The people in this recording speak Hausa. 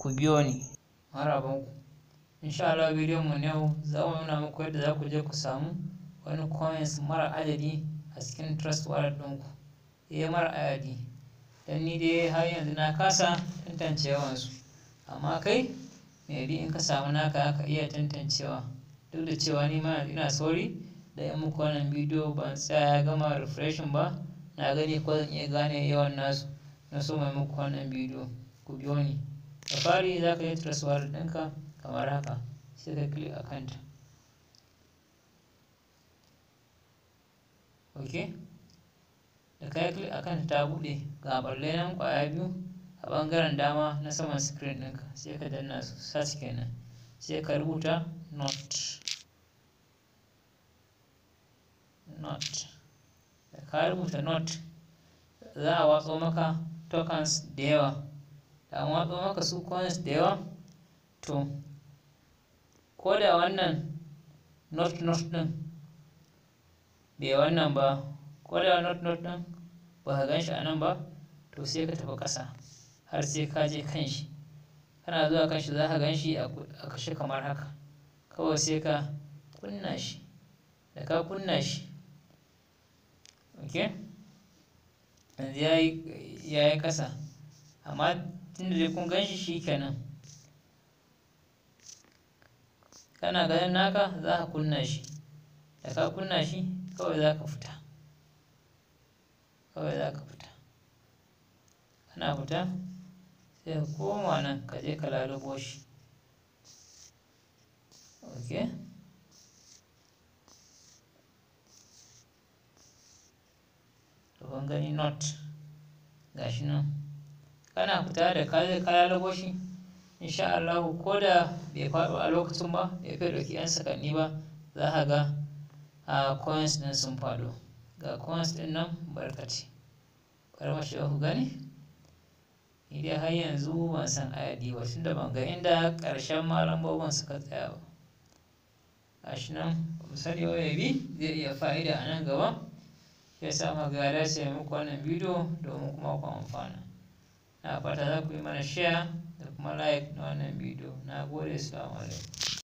ku biyo ni marabanku insha Allah bidiyon mu yau za mu nuna muku yadda za ku je ku samu wani coins mara adadi a cikin trust wallet ɗinku eh mara adadi dan ni dai har yanzu na kasa tantance yawan su amma kai me maybe in ka samu naka ka iya tantancewa duk da cewa ni ma ina sauri da yan muku wannan bidiyo ban tsaya gama refreshin ba na gani ko zan iya gane yawan nasu na so mai muku wannan bidiyo ku biyo ni da fari za ka yi transfer ɗinka kamar haka sai ka click account ok da ka yi click account ta buɗe ga ɓalle nan ƙwaya biyu a ɓangaren dama na saman screen ɗinka sai ka danna su search kenan sai ka rubuta not not da ka rubuta not za a watso maka tokens da yawa amma ba maka su coins da yawa to ko da wannan north north ɗin bai wannan ba ko da north north ɗin ba ka gan shi a nan ba to sai ka tafi ƙasa har sai ka je kan shi kana zuwa kan shi za ka gan shi a kashe kamar haka kawai sai ka kunna shi da ka kunna shi ok yanzu ya yi ƙasa amma tunda kun gan shi shi kenan kana ganin naka za ka kunna shi da ka kunna shi kawai za ka fita kawai za ka fita kana fita sai ka koma nan ka je ka lalubo shi ok to kun gani not gashi nan kana fita da kaya lagoshi insha Allah ko da bai faɗo a lokacin ba bai fi ɗauki 'yan sakanni ba za ka ga a coins din sun faɗo ga coins din nan barkaci bari mu shiga ku gani ni dai har yanzu ban san ayadi ba tun da ban ga inda ƙarshen malam babban suka tsaya ba A shi nan misali bi zai iya fa'ida a nan gaba ya sa magana sai muku wannan bidiyo domin kuma ku amfana Na fata za ku yi mana share da kuma like na wannan bidiyo. Na gode, salamu alaikum.